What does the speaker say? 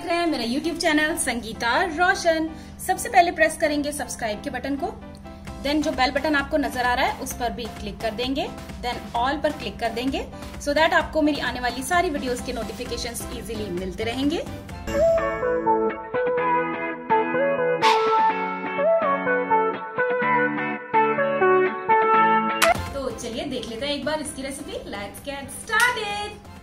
देख रहे हैं मेरा यूट्यूब चैनल संगीता रोशन सबसे पहले प्रेस करेंगे सब्सक्राइब के बटन को देन जो बेल बटन आपको नजर आ रहा है उस पर भी क्लिक कर देंगे देन ऑल पर क्लिक कर देंगे सो so दैट आपको मेरी आने वाली सारी वीडियोस के नोटिफिकेशन इजीली मिलते रहेंगे तो चलिए देख लेते हैं एक बार इसकी रेसिपी लेट्स गेट स्टार्टेड